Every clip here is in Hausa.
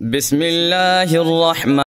بسم الله الرحمن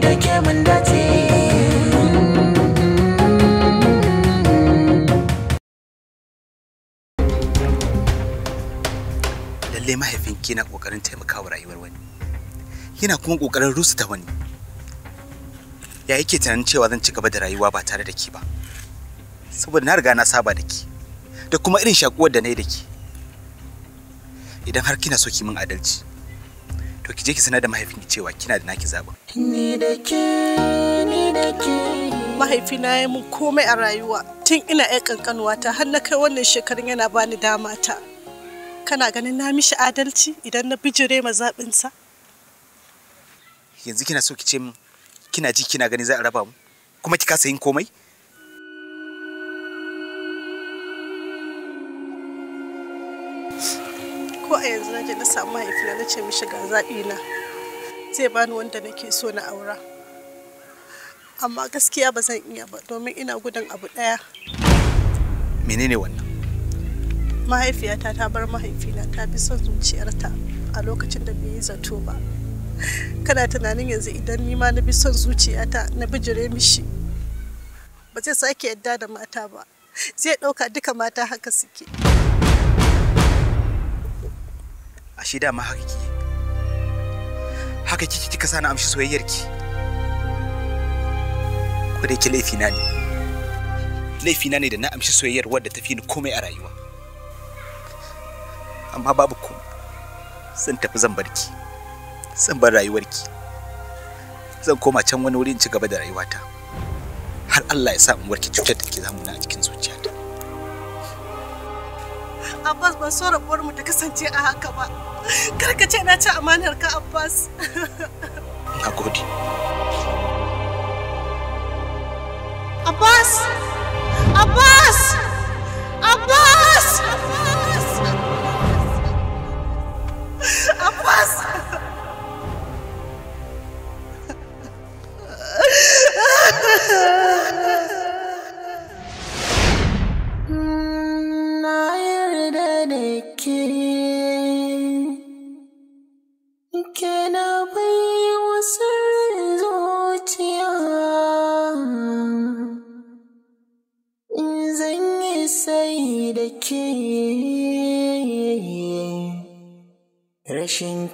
ni da mun dace mahaifinki yana kokarin taimakawa rayuwar wani yana kuma kokarin rusuta wani ya yake tunanin cewa zan ci gaba da rayuwa ba tare da ki ba saboda na riga na saba da ki da kuma irin shakuwar da na yi da ki idan har kina so ki min adalci to ki je ki sanar da mahaifin cewa kina da naki zaɓin. Ni da ke, ni da ke. Mahaifina ya mun komai a rayuwa tun ina ƴan ƙanƙanuwa ta har na kai wannan shekarun yana bani dama ta. Kana ganin na mishi adalci idan na bijire ma zaɓinsa? Yanzu kina so ki ce min kina ji kina gani za a raba mu kuma ki kasa yin komai? ko a yanzu na je na samu mahaifina na ce mishi ga zaɓi na zai bani wanda nake so na aura amma gaskiya ba zan iya ba domin ina gudun abu ɗaya menene wannan mahaifiyata ta bar mahaifina ta bi son zuciyarta a lokacin da bai zato ba kana tunanin yanzu idan ni ma na bi son zuciyata na bijire mishi ba zai sake yadda da mata ba zai ɗauka duka mata haka suke ashe dama haka kike haka kike kika sani amshi soyayyar ki ko da yake laifi na ne laifi na ne da na amshi soyayyar wadda ta ni komai a rayuwa amma babu komai zan tafi zan bar ki zan bar rayuwar ki zan koma can wani wuri in ci gaba da rayuwata har Allah ya sa in warke cutar da ke zamuna a cikin zuciyata Abbas ban so rabuwar mu ta kasance a haka ba. karkace na ci amanar ka Abbas. Na gode. Abbas! Abbas!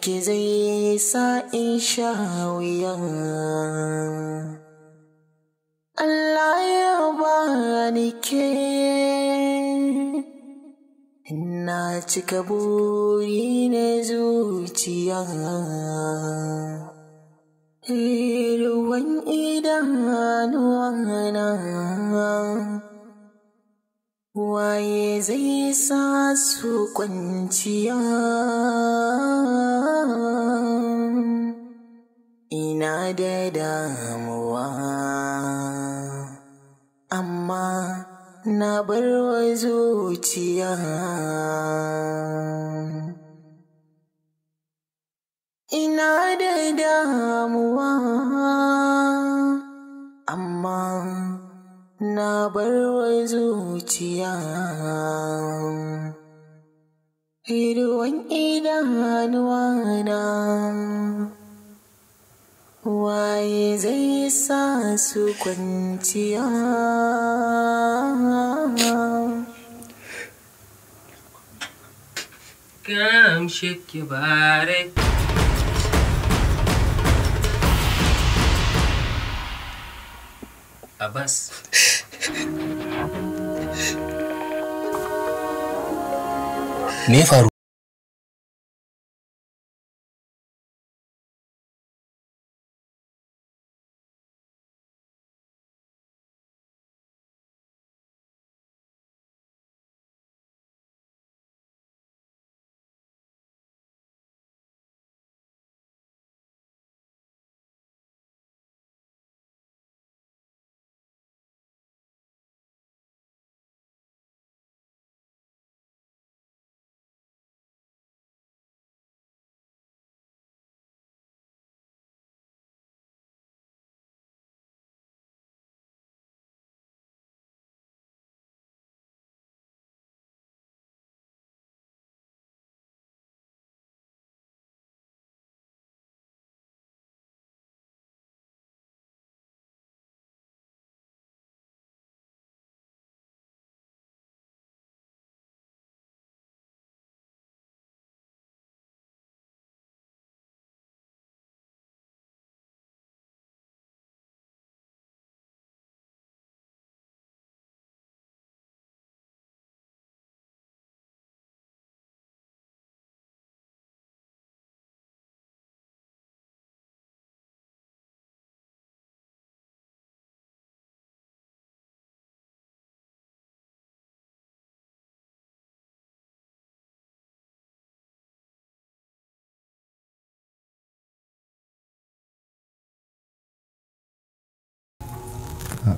ki zai sa in sha wuya. Allah ya bani ke, na cika buri na zuciya. Ruwan idanuwa na. waye zai sa su kwanciya ina da damuwa amma na bar wa zuciya ina da damuwa amma na bar wa zuciya ruwan na, waye zai sa su kwanciya Kam shi bare. Abbas. Me faru?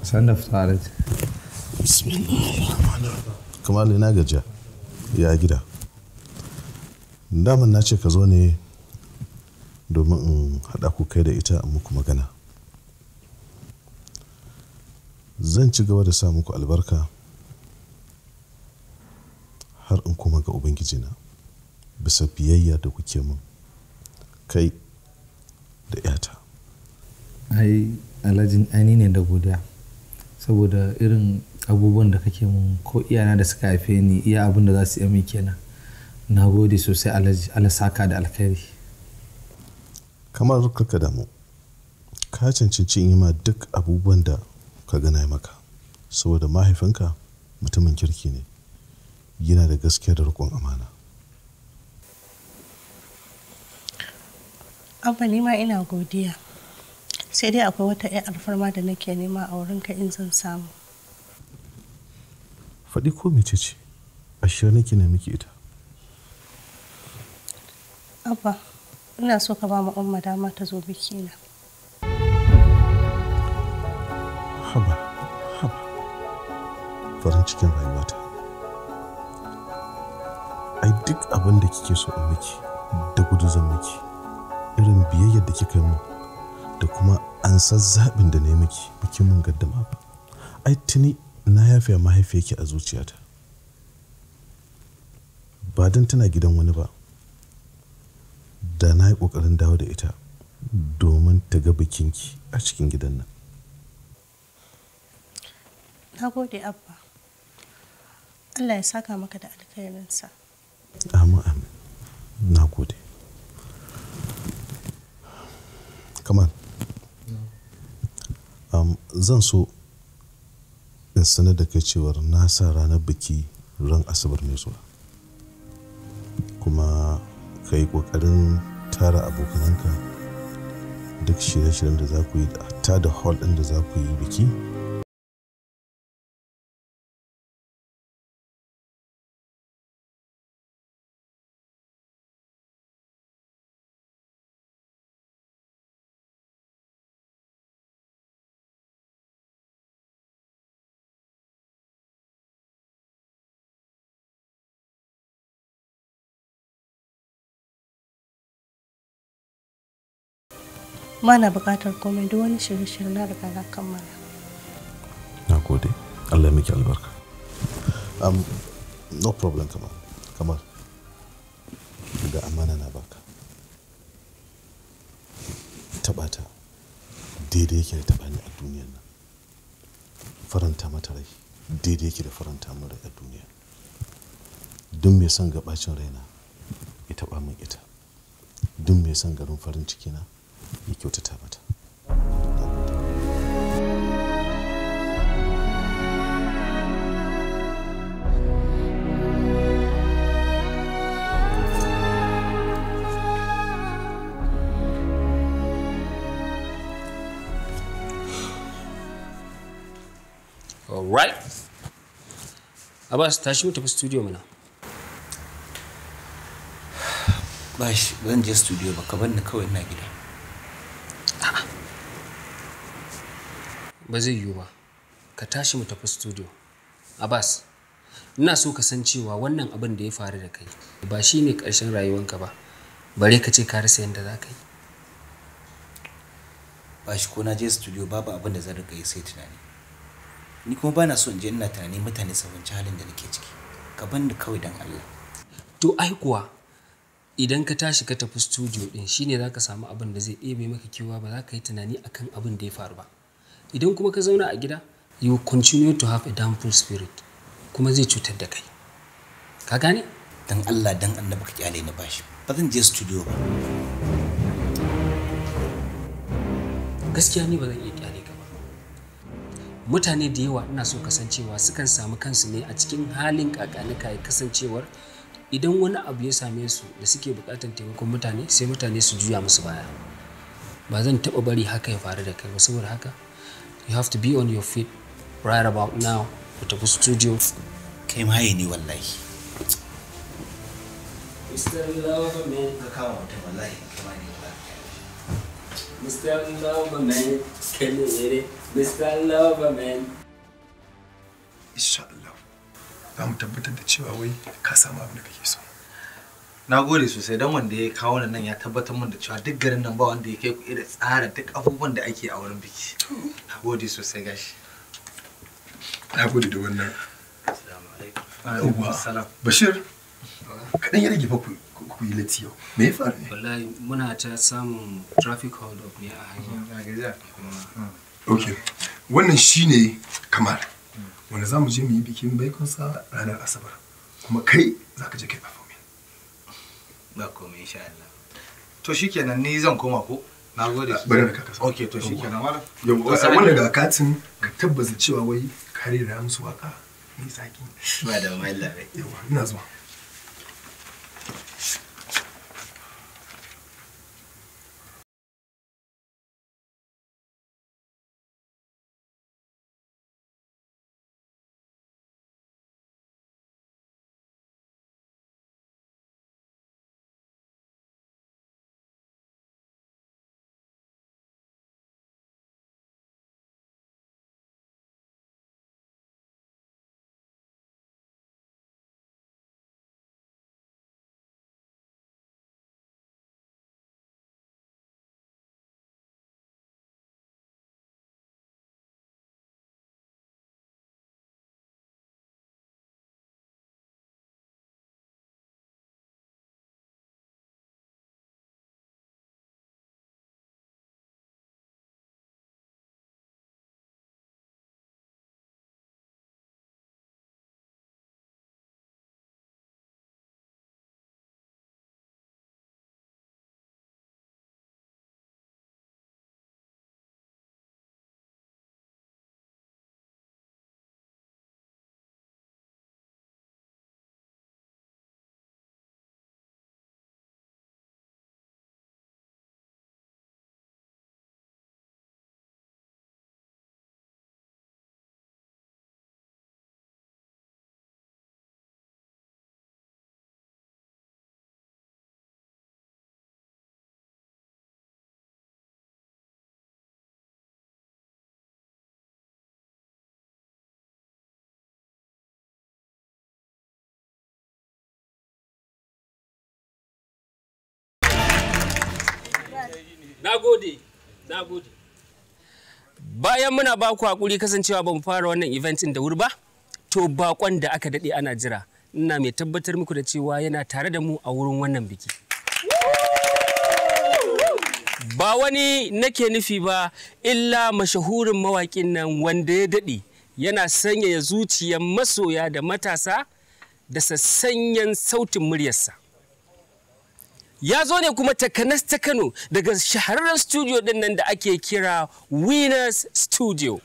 sanda fitarat kamar na gajiya ya gida daman na ce ka zo ne domin in haɗa ku kai da ita in muku magana zan ci gaba da sa muku albarka har in kuma ga ubangijina bisa biyayya da kuke mun kai da 'yata ai alhajin aini da godiya saboda irin abubuwan da kake mun ko iyana da suka haife ni iya abin da za su yi kenan na gode sosai alasaka da alkhairi kamar ka damu ka cancanci yi ma duk abubuwan da ka gana maka saboda mahaifinka mutumin kirki ne yana da gaskiya da rukun amana abba ni ma ina godiya sai dai akwai wata 'yan alfarma da nake nema a wurin ka in zan samu faɗi ko mece ce ashirin nake na miki ita abba ina so ka ba mu dama ta zo na haba haba farin cikin rayuwata ai duk abinda kike so in miki da gudu zan miki irin biyayyar da kika yi mu da kuma an san zaɓin da na yi miki bikin mun gaddama ba ai tuni na yafe mahaifiyarki a zuciyata ba don tana gidan wani ba da na yi ƙoƙarin dawo da ita domin ta ga bikinki a cikin gidan nan na gode abba allah ya saka maka da alkhairinsa amin amin na gode kamar zan so in sanar da kai cewar na sa ranar biki ran asabar mai zuwa kuma ka yi ƙoƙarin tara abokananka duk shirye-shiryen da za ku yi ta da hall ɗin da za ku yi biki mana na bukatar komai duk wani shirye-shirye na riga na kammala na gode allah miki albarka um, no problem kamar kamar ga amana na baka taɓa ta daidai yake da taba ni a duniyan nan faranta mata rai daidai yake da faranta min rai a duniya don mai son gabacin raina ya ba min ita don mai son garin farin ciki na ya kyautata mata Alright. Abbas tashi mu tafi studio mana. bashi zan je studio ba, ka bar kawai na gida. ba zai yiwu ba ka tashi mu tafi studio abbas ina so ka san cewa wannan abin da ya faru da kai ba shi ne ƙarshen rayuwanka ba bare ka ce ka rasa yadda za ka yi ba shi ko na je studio babu abin da zan riga yi sai tunani ni kuma ba na so in je ina tunani mutane su fahimci halin da nake ciki ka ban da kawai don Allah to ai kuwa idan ka tashi ka tafi studio din shine zaka samu abin da zai ɗebe maka kewa ba za ka yi tunani akan abin da ya faru ba idan kuma ka zauna a gida you will continue to have a downfall spirit kuma zai cutar da kai ka gane dan Allah dan annabi ka kyale ni bashi ba zan je studio ba gaskiya ni ba zan iya kyale ka ba mutane da yawa ina so kasancewa sukan samu kansu ne a cikin halin kakanika ya kasancewar idan wani abu ya same su da suke bukatan taimakon mutane sai mutane su juya musu baya ba zan taɓa bari haka ya faru da kai ba saboda haka you have to be on your feet right about now ku tafi studio kai ma ne wallahi Mr. Loverman ka kama mutum wallahi kama ne Mr. Loverman kene ne Mr. Loverman Insha Allah za mu tabbatar da cewa wai ka samu abin da kake so na gode sosai don wanda ya kawo nan ya tabbatar min da cewa duk garin nan ba wanda ya kai ku irin tsara duk abubuwan da ake a wurin biki na gode sosai gashi na gode da wannan yawwa bashir kaɗan ya rage fa ku yi latti yau me ya faru ne wallahi muna ta samun traffic hold up ne a hanya mm, mm. ok wannan shine kamar wanda za mu je mu yi bikin baikonsa ranar asabar kuma kai za ka je kai ba komai insha Allah to ni zan koma ko na gode bari na kaka okay to shikenan wala yau wannan da katin ka tabbata cewa wai kare da musu waka ni saki ba da ina zuwa na gode bayan muna ba ku hakuri kasancewa ba mu fara wannan event da wuri ba to bakon da aka daɗe ana jira ina mai tabbatar muku da cewa yana tare da mu a wurin wannan biki ba wani nake nufi ba illa mashahurin mawaƙin nan wanda ya daɗe yana sanyaya zuciyar masoya da matasa da sassanyen sautin muryarsa. ya zo ne kuma takanas ta Kano daga shahararren studio din nan da ake kira Winners Studio.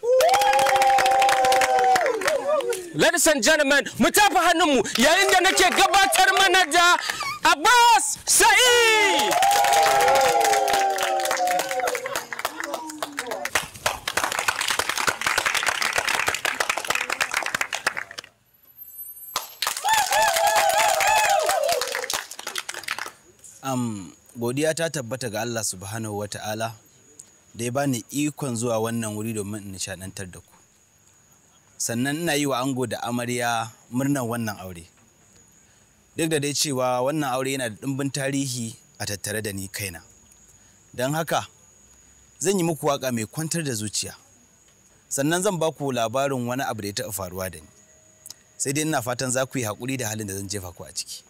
Ladies and gentlemen, mu tafi hannunmu yayin da nake gabatar mana da Abbas Sa'id. Na'am, godiya ta tabbata ga Allah subhanahu wa ta'ala da ya bani ikon zuwa wannan wuri domin in nishadantar da ku. Sannan ina yi wa ango da amarya murnar wannan aure. Duk da dai cewa wannan aure yana da ɗimbin tarihi a tattare da ni kaina. Don haka, zan yi muku waka mai kwantar da zuciya. Sannan zan ba ku labarin wani abu da ya taɓa faruwa da ni. Sai dai ina fatan za ku yi haƙuri da halin da zan jefa ku a ciki.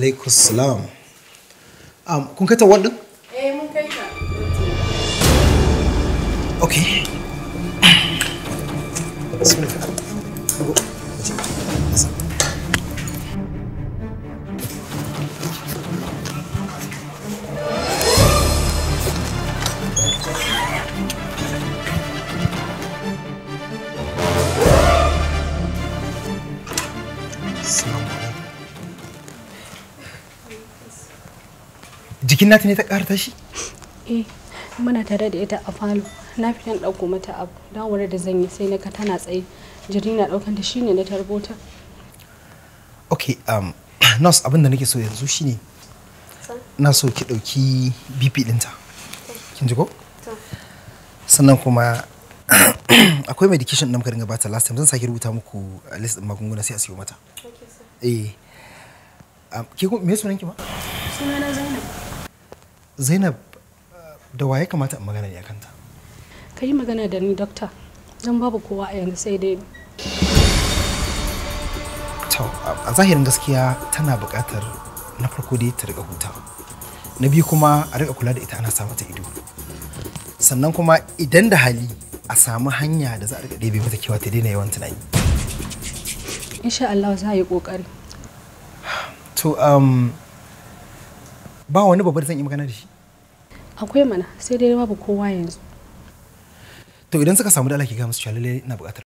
alaikum salam um, kun kai ta eh mun kai Okay. okay jikin nata ne ta ƙara shi? eh muna tare da ita a falo na ɗan ɗauko mata abu dawowar da zan yi sai na ka tana tsaye jiri na ɗaukan ta shine na tarbota ok um, nurse abin da nake so yanzu shine na so ki ɗauki bp ɗinta kin ji ko sannan kuma akwai medication da muka dinga bata last time zan sake rubuta muku uh, list ɗin magunguna sai a siyo mata eh um, me sunan ki ma sunana zan zainab da waye kamata in magana ya kanta ka yi magana da ni dokta don babu kowa a yanzu sai dai a zahirin gaskiya tana buƙatar na farko dai ta riga huta na biyu kuma a riga kula da ita ana sa mata ido sannan kuma idan da hali a samu hanya da za a riga ɗebe mata kewa ta daina yawan tunani insha Allah za a yi ƙoƙari to um, ba wani babbar zan yi magana da shi akwai mana sai dai babu kowa yanzu to idan suka samu dala ki ga musu shalale na buƙatar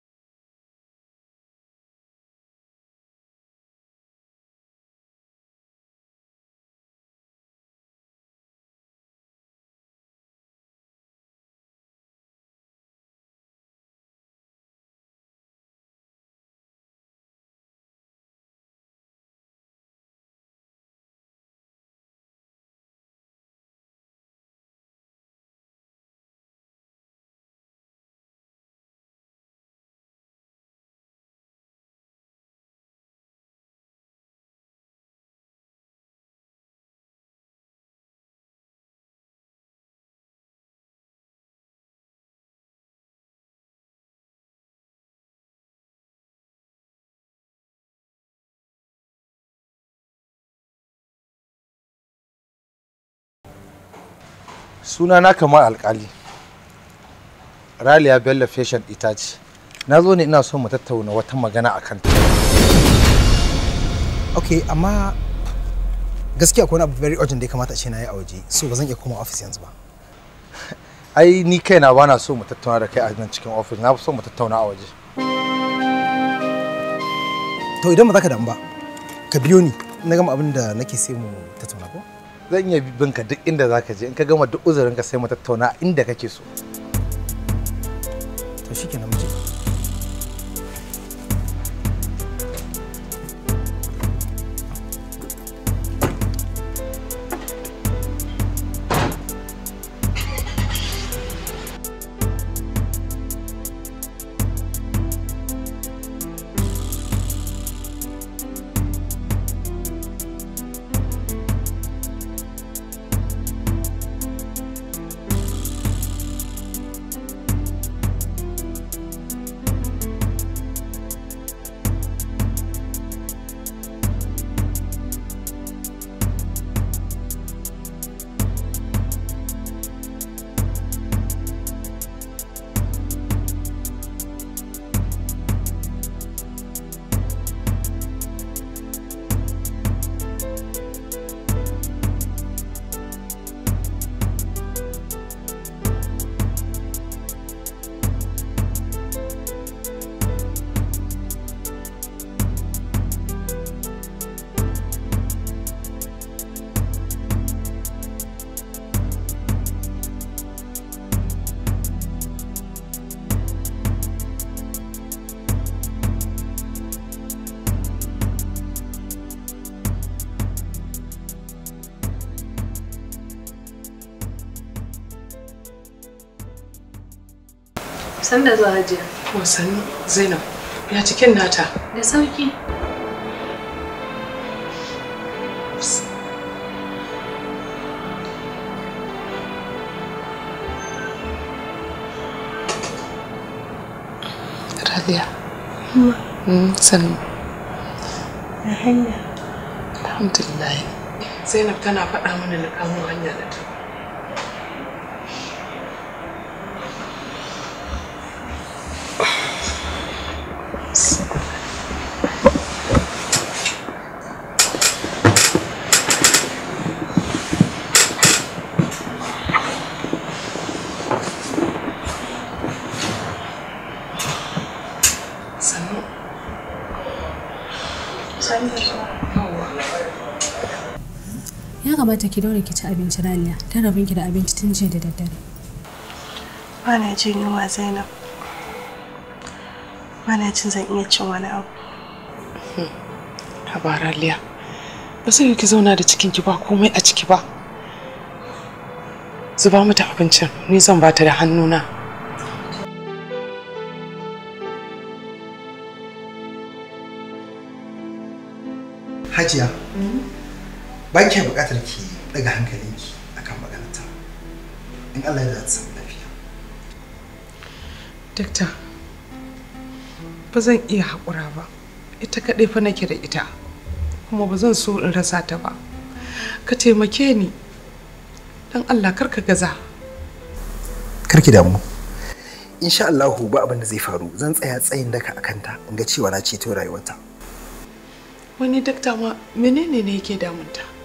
suna na kamar alkali raliya bello fashion ita ce na zo ne ina so mu tattauna wata magana a kanta ok amma gaskiya akwai abu very urgent da ya kamata a ce na yi a waje so ba zan iya koma office yanzu ba ai ni kaina ba na so mu tattauna da kai a nan cikin office na so mu tattauna a waje to idan ba za ka damu ba ka biyo ni na gama abin da nake sai mu tattauna ko zan iya bin ka duk inda zaka je in ka gama duk uzurin ka sai mu tattauna inda kake so to shikenan mu San da zuwa hajiya. sani Zainab ya cikin nata. Da sauki. Radiya. Mm, sannu. hanya. Alhamdulillah. Zainab tana faɗa mana na kamo hanya da ta. ki daure ki ci abinci raliya ta rabin ki da abinci tun jiya da daddare ba na jin yunwa zainab ba na jin zan iya cin wani abu haba raliya ba sai ki zauna da cikin ki ba komai a ciki ba zuba mata abincin ni zan ba ta da hannuna hajiya ba kya bukatar ki daga hankalinki akan maganata in Allah ya ta samu lafiya dakta ba zan iya haƙura ba ita kaɗai fa nake da ita kuma ba zan so in rasa ta ba ka taimake ni don Allah kar ka gaza karki damu insha Allahu ba abin da zai faru zan tsaya tsayin daka a kanta in ga cewa na ceto rayuwarta wani dakta ma menene ne yake damunta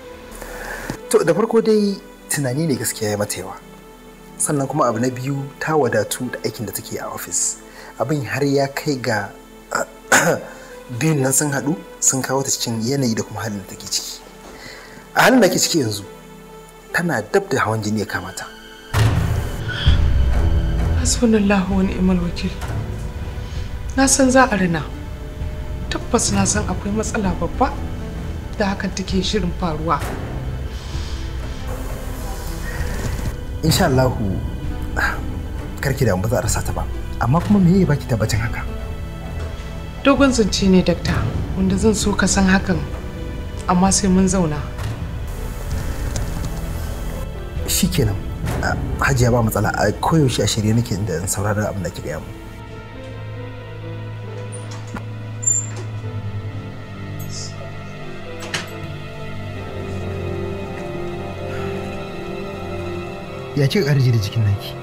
to da farko dai tunani ne gaskiya ya mata yawa sannan kuma abu na biyu ta wadatu da aikin da take a ofis abin har ya kai ga biyun nan sun haɗu sun kawo ta cikin yanayi da kuma halin da take ciki a halin da ke ciki yanzu tana dab da hawan jini ya kamata hasbunallahu wa ni'mal wakil na san za a rina tabbas na san akwai matsala babba da hakan take shirin faruwa insha Allah karki da ba za a rasa ta ba amma kuma me ya baki tabbacin haka dogon zance ne dakta wanda zan so ka san hakan amma sai mun zauna shikenan ah, hajiya ba matsala a koyaushe a shirye nake da sauraron abin da ki gaya mu ya kika ƙarji da jikin naki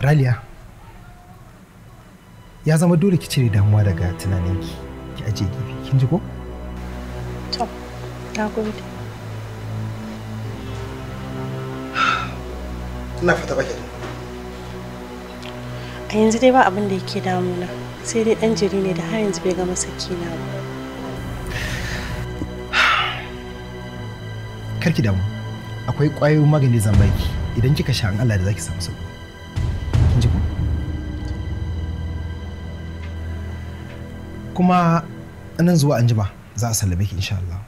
raliya ya zama dole ki cire damuwa daga tunaninki ki aje gefe kin ji ko to na gode ina fata baki a yanzu dai ba abin da yake damuna sai dai dan jiri ne da har yanzu bai gama sakina ba karki damu akwai ƙwayoyin magani zan baki idan kika sha an Allah da zaki samu sauki kin ji ko kuma anan zuwa an jima za a sallame ki insha Allah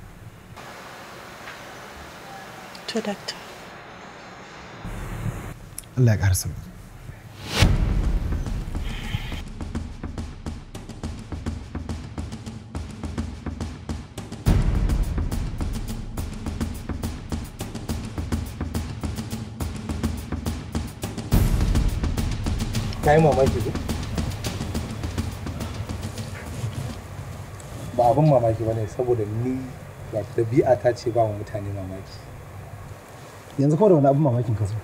to doctor Allah ya ƙara sauki ta yi mamaki ko ba abin mamaki ba ne saboda ni ba ɗabi'a ta ce ba wa mutane mamaki yanzu kawai da wani abin mamakin ka zo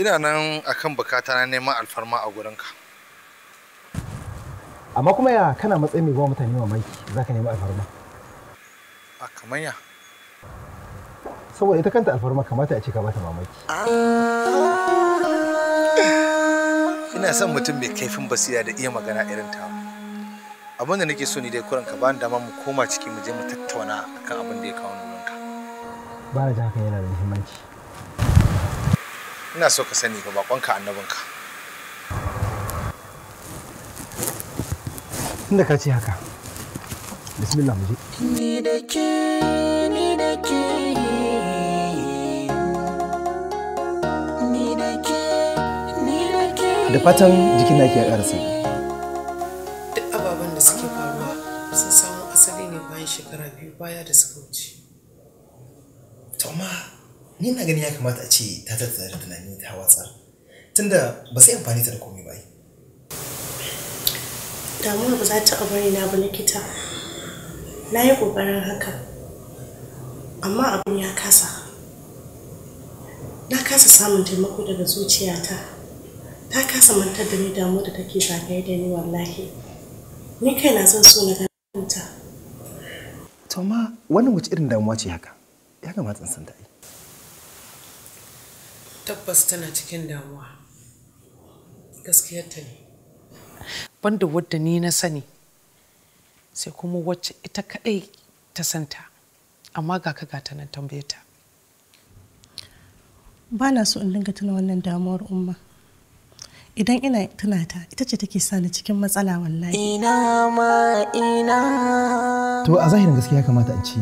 ina nan akan bukata na neman alfarma a gurinka amma kuma ya kana matsayin mai ba mutane mamaki za ka nemi alfarma a kamar ya saboda ita kanta alfarma kamata a ce ka bata mamaki ah. ina son mutum mai kaifin basira da iya magana irin ta abin da nake so ni dai kuran ka ba dama mu koma ciki mu je mu tattauna akan abin da ya kawo nunan ka ba da haka yana da muhimmanci ina so ka sani ba bakonka annabinka Inda ka ce haka bismillah mu je ni da ke ni da ke da fatan jikin naki ya duk ababen da suke faruwa sun samu asali ne bayan shekara biyu baya da suka wuce to ni na gani ya kamata a ce ta tattara da tunani ta watsar tunda ba sai amfani ta da komai ba damuwa ba za ta bari na ba likita na yi ƙoƙarin haka amma abin ya kasa na kasa samun taimako daga zuciyata ta kasa mantar da ni damu da take zagaye da ni wallahi ni kai na zan so na ganta to ma wannan wace irin damuwa ce haka ya kamata in san ta ai tabbas tana cikin damuwa gaskiyar ta ne banda wadda ni na sani sai kuma wacce ita kadai ta santa amma ga ka gata nan tambaye ta ba na so in dinga tuna wannan damuwar umma idan ina tunata ita ce take sani cikin matsala wallahi ina ma ina to a zahirin gaskiya ya kamata in ce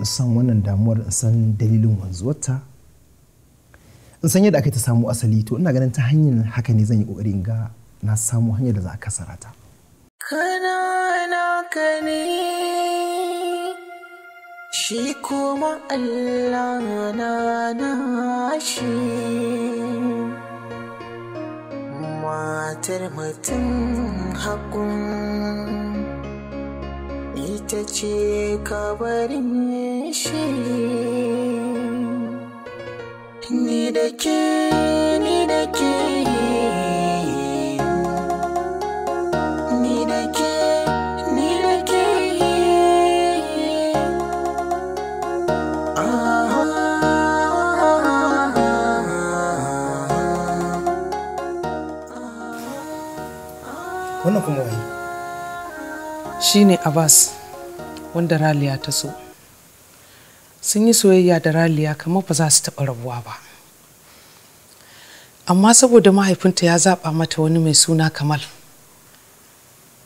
in san wannan damuwar in san dalilin wanzuwarta in san yadda aka ta samu asali to ina ganin ta hanyar haka ne zan yi kokarin ga na samu hanyar da za a kasara ta kana ka ne shi kuma Allah na shi matar mutum hakun ita ce kabarin shi ni da ke ni da ke wannan kuma waye shine abbas wanda raliya ta so sun yi soyayya da raliya kamar ba za su taɓa rabuwa ba amma saboda mahaifinta ya zaɓa mata wani mai suna kamal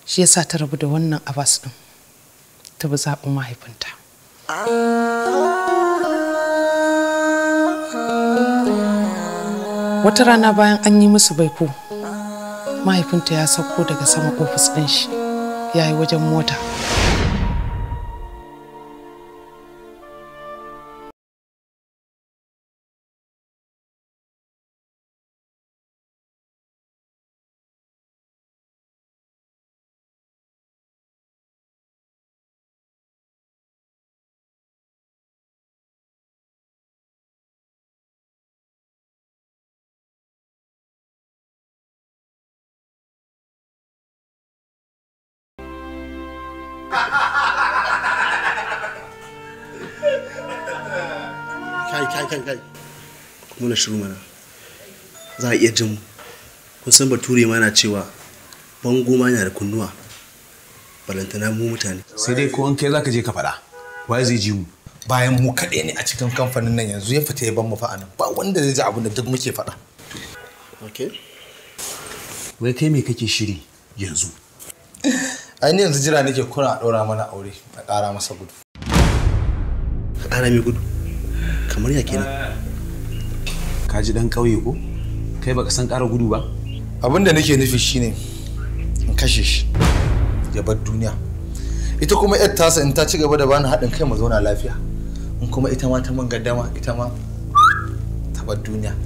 shi ya sa ta rabu da wannan abbas ɗin ta bi zaɓin mahaifinta wata rana bayan an yi musu baiko mahaifinta ya sauko daga sama ofis ɗin shi ya yi wajen mota kai kai kuma na shiru mana za a iya jin mu kun san bature ma na cewa bango ma yana da kunnuwa balantana mu mutane sai dai ko an kai zaka je ka faɗa wai zai ji mu bayan mu kaɗai ne a cikin kamfanin nan yanzu ya fita ya ban mu fa'anan ba wanda zai ji abin da duk muke faɗa wai kai me kake shiri yanzu ai ni yanzu jira nake kuna a ɗora mana aure a ƙara masa gudu ƙara mai gudu kamar ya kenan ka ji dan ƙauye ko kai baka san ƙara gudu ba abin da nake nufi shine in kashe shi ya bar duniya ita kuma yar tasa in ta ci gaba da bani haɗin kai mu zauna lafiya in kuma ita ma ta man gaddama ita ma ta bar duniya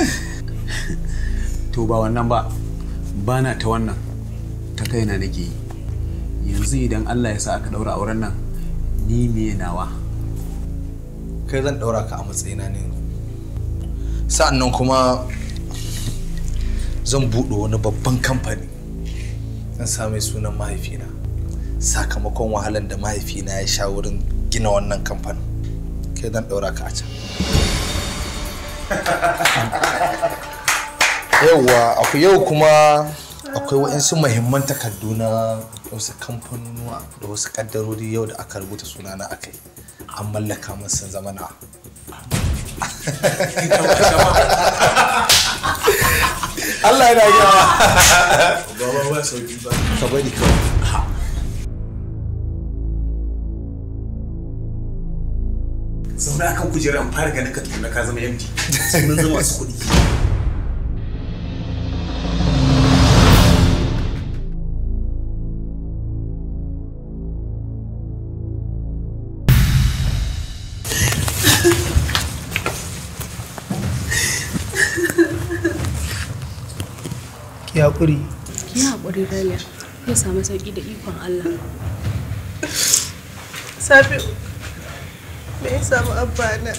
to ba wannan ba bana ta wannan ta kaina nake yi yanzu idan Allah ya sa aka ɗaura auren nan ni me nawa kai zan ɗaura ka a matsayina ne sa'annan kuma zan buɗe wani babban kamfani zan same sunan mahaifina sakamakon wahalan da mahaifina ya sha wurin gina wannan kamfanin kai zan ɗaura ka a can yauwa akwai yau kuma akwai waɗansu mahimman takardu na wasu kamfanonuwa da wasu ƙaddarori yau da aka rubuta sunana a an mallaka masa sun zama Allah yana gawa ba ba ba sauki ba ka bari kawai zauna kan kujerar fara ganin ka tukuna ka zama MD mun zama su kuɗi haƙuri ki haƙuri raliya zai samu sauƙi da ikon Allah safi me ya samu abba na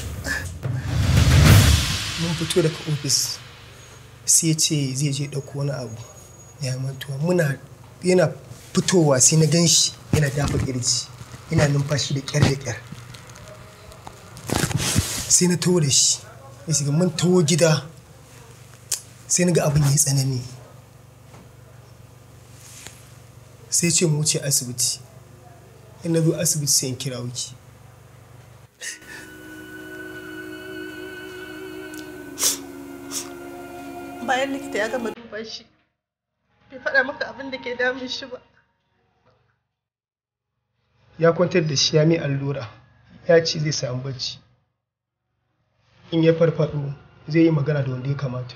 mun fito daga ofis sai ya ce zai je ɗauko wani abu ya mantuwa muna yana fitowa sai na gan shi yana dafa kirji yana numfashi da ƙyar da ƙyar sai na taho da shi ya shiga mun tawo gida sai na ga abin ya yi tsanani sai ce mu ce asibiti in na zo asibiti sai in kira wuki bayan likita ya gama duba shi bai faɗa maka abin da ke damun shi ba ya kwantar da shi ya mai allura ya ce zai samu bacci in ya farfaɗo zai yi magana da wanda ya kamata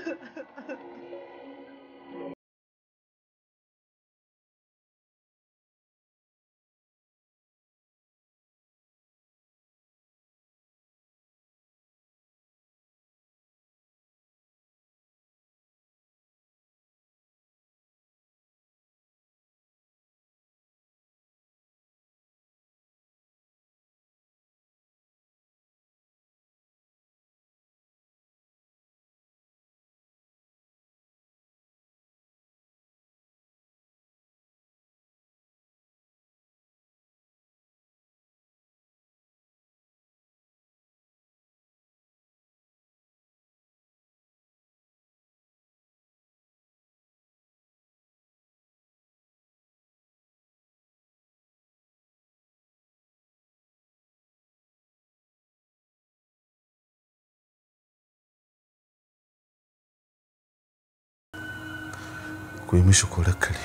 ku yi mishi korar kare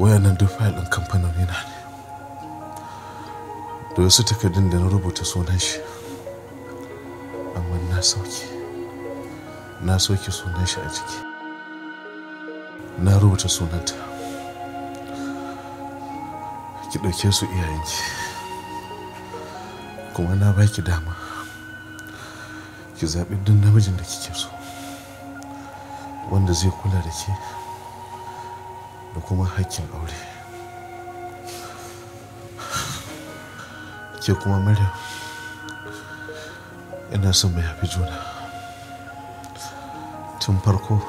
Waya nan wayannan duk fayil ɗin kamfanin yana ne. da wasu takardun da na rubuta sunan shi amma na sauke na sunan shi a ciki na rubuta sunanta ki ɗauke su iyayenki kuma na baki dama ki zaɓi duk namijin da kike so wanda zai kula da ke da kuma hakkin aure ke kuma maryam ina son mu hafi juna tun farko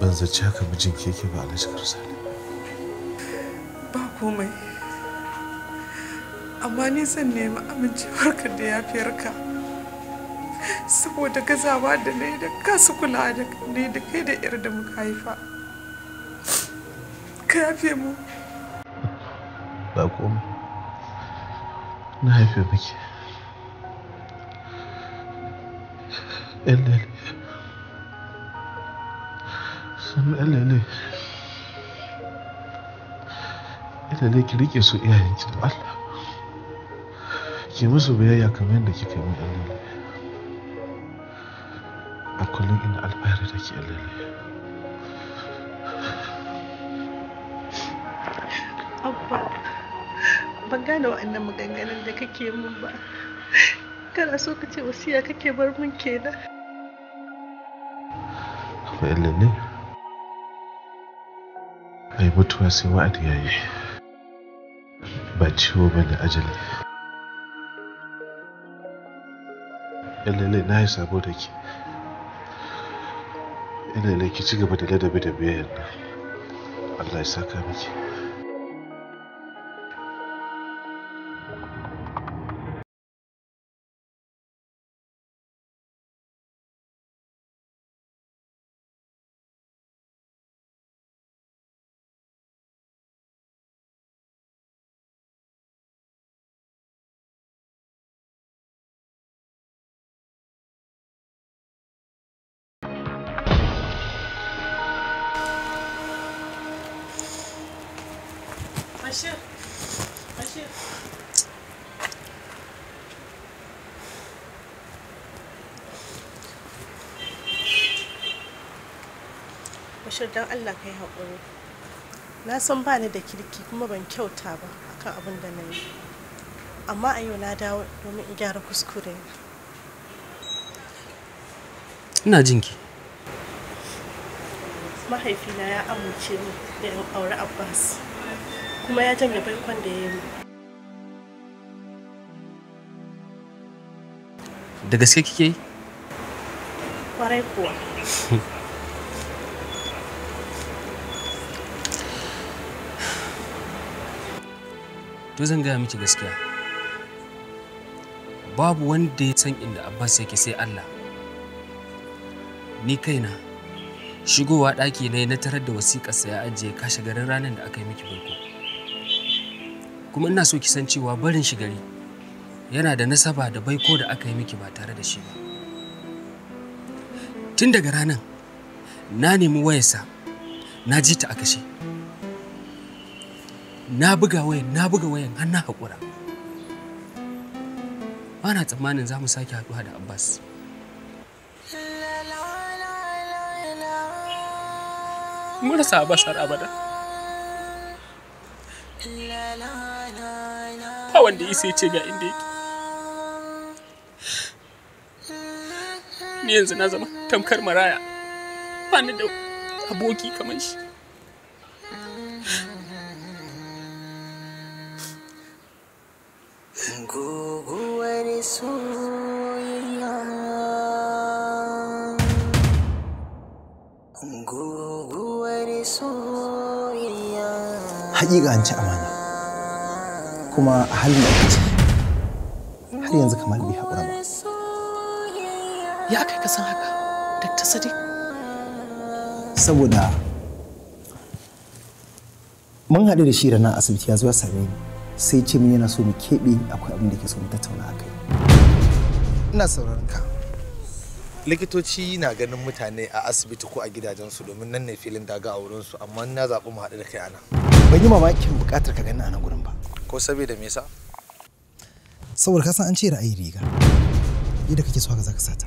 ban zaci haka mijin keke ba alhaji karsani komai amma ni zan nemi amincewarka da yafiyarka saboda gazawa da na da kasu kula da ne da kai da yar da muka haifa ka yafe mu ba komai na haife miki yan sun kamata ne ki rike su iyayenki da Allah ki musu biyayya kamar yadda kika yi Allah a kullum ina alfahari da ke Allah Abba ban gane wa'annan maganganun da kake min ba kana so ka ce wasiya kake bar min kenan Abba ne ai mutuwa sai wa'adi ya yi. ba ciwo ba ne ajali ilele na yi sabo da ke ne ki ci gaba da ladabi da biyayyar nan allah ya saka miki Aşır. Bashir don Allah kai haƙuri. Na san ba ni da kirki kuma ban kyauta ba akan abin da na yi. Amma a yau na dawo domin in gyara kuskure. Ina jinki. Mahaifina ya amince ni da in aure Abbas. kuma ya janye baikon da ya yi da gaske kike yi kwarai kuwa to zan gaya miki gaskiya babu wanda ya san inda abbas yake sai allah ni kaina shigowa ɗaki na na tarar da wasiƙarsa ya ajiye kashe garin ranar da aka yi miki baiko kuma ina so ki san cewa barin shi gari yana da nasaba da baiko da aka yi miki ba tare da shi ba tun daga ranar na nemi wayarsa na ji ta a kashe na buga wayan na buga wayan har na haƙura Bana tsammanin za mu sake haɗuwa da abbas marasa abbas har abada ba wanda isa ya ce ga inda yake ni yanzu na zama tamkar maraya ba ni da aboki kamar shi haƙiƙa an ci amana kuma a halin da ake har yanzu kamar bai haƙura ba ya kai ka san haka ta sadi. saboda mun haɗu da shi nan asibiti ya zuwa same ni sai ce min yana so mu keɓe akwai abin da ke so mu tattauna a kai ina sauraron ka likitoci na ganin mutane a asibiti ko a gidajensu domin nan ne filin daga a wurinsu amma na zaɓi mu haɗu da kai ana ban yi mamakin buƙatar ka gani a nan gurin ko saboda me yasa saboda ka san an ce ra'ayi riga yadda kake so haka zaka sata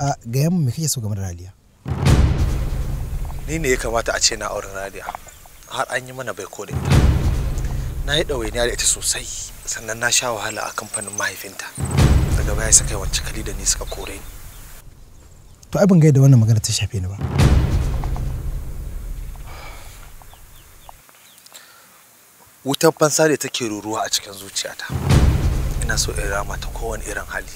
a ga yamma me kake so game da raliya ni ne ya kamata a ce na auren raliya har an yi mana bai da ita na yi ɗawainiya da ita sosai sannan na sha wahala a kamfanin mahaifinta daga baya suka yi wacce kali da ni suka kore ni to abin gaida wannan magana ta shafe ni ba wutar fansa da take ruruwa a cikin zuciyata ina so in rama ta kowane irin hali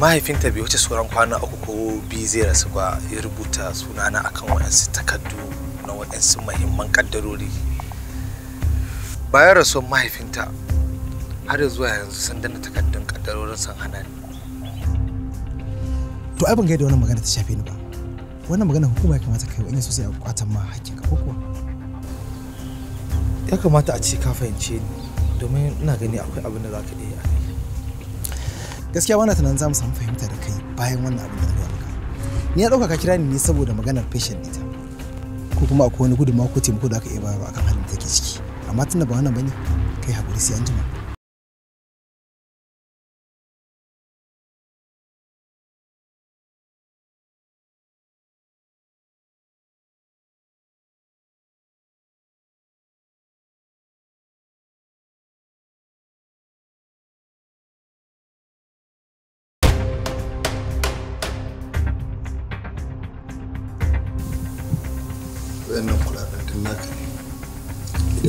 mahaifinta bai wuce sauran kwana uku ko biyu zai rasu ba ya rubuta sunana akan waɗansu takardu na waɗansu mahimman kaddarori bayan rasuwar mahaifinta har zuwa yanzu sun danna takardun kaddarorin san hana ni to ai ban gaida wannan magana ta shafe ni ba wannan magana hukuma ya kamata kai wani sosai a kwatan ma hakkin ka ko kuwa ya kamata a ce ka fahimce ni domin ina gani akwai abin da za ka iya gaskiya bana tunanin za mu samu fahimta da kai bayan wannan abin da na maka ni ya ɗauka ka kira ni ne saboda maganar patient ita ko kuma akwai wani gudunmawa ko taimako da aka iya ba akan halin da take ciki amma tunda ba wannan bane kai hakuri sai anjima.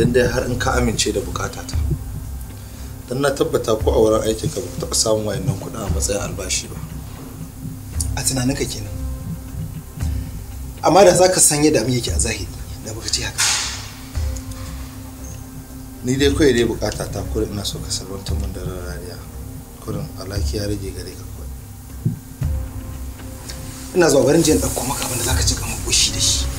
idan dai har in ka amince da bukata ta don na tabbata ko a wurin aiki ka ba taɓa samun wayannan kuɗi a matsayin albashi ba a tunanin ka kenan amma da za ka san yadda mu yake a zahiri da baka ce haka ni dai kawai dai bukata ta kurin ina so ka salwantar mun da rariya kurin alaki ya rage gare ka kawai ina zuwa barin jiyan ɗauko maka abin da za ka ci gama ƙoshi da shi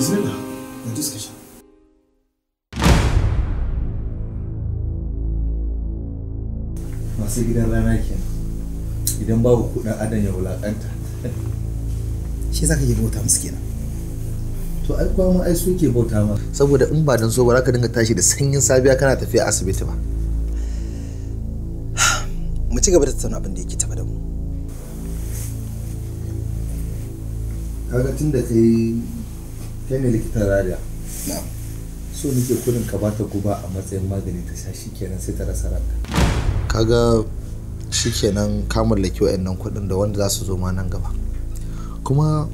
bismillah ga duska masu gidan rana kenan idan babu kuɗin adam ya wulaƙanta shi za ka ke bauta musu kenan to ai kwamun ai su ke bauta ma saboda in ba don so ba za ka dinga tashi da sanyin safiya kana tafiya asibiti ba mu ci gaba da tattauna abin da yake tafa da mu kaga tun da kai ta ne likitan rariya so nake kudin ka bata guba a matsayin magani ta sha shikenan sai ta rasa ranka kaga shikenan ka mallaki wayannan kudin da wanda za su zo ma nan gaba kuma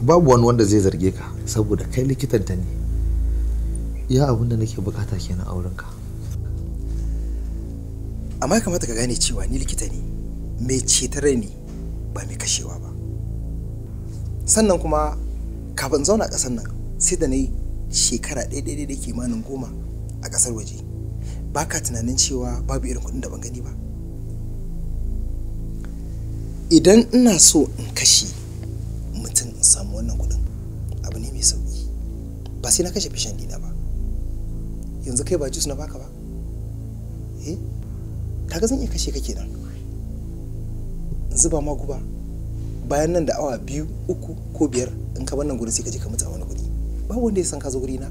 babu wani wanda zai zarge ka saboda kai likitan ta ne ya abin da nake bukata kenan a ka. amma ya kamata ka gane cewa ni likita ne mai cetar ne ba mai kashewa ba sannan kuma kafin zauna ƙasar nan sai da na yi shekara ɗaya da kimanin goma a ƙasar waje ba ka tunanin cewa babu irin kuɗin da ban gani ba idan ina so in kashe mutum in samu wannan kuɗin abu ne mai sauƙi ba sai na kashe fishan dina ba yanzu kai ba jus na baka ba eh ga zan iya kashe ka kenan zuba ma guba bayan nan da awa biyu uku ko biyar in ka wannan gurin sai ka je ka mutu a wani kuɗi ba wanda ya san ka zo guri na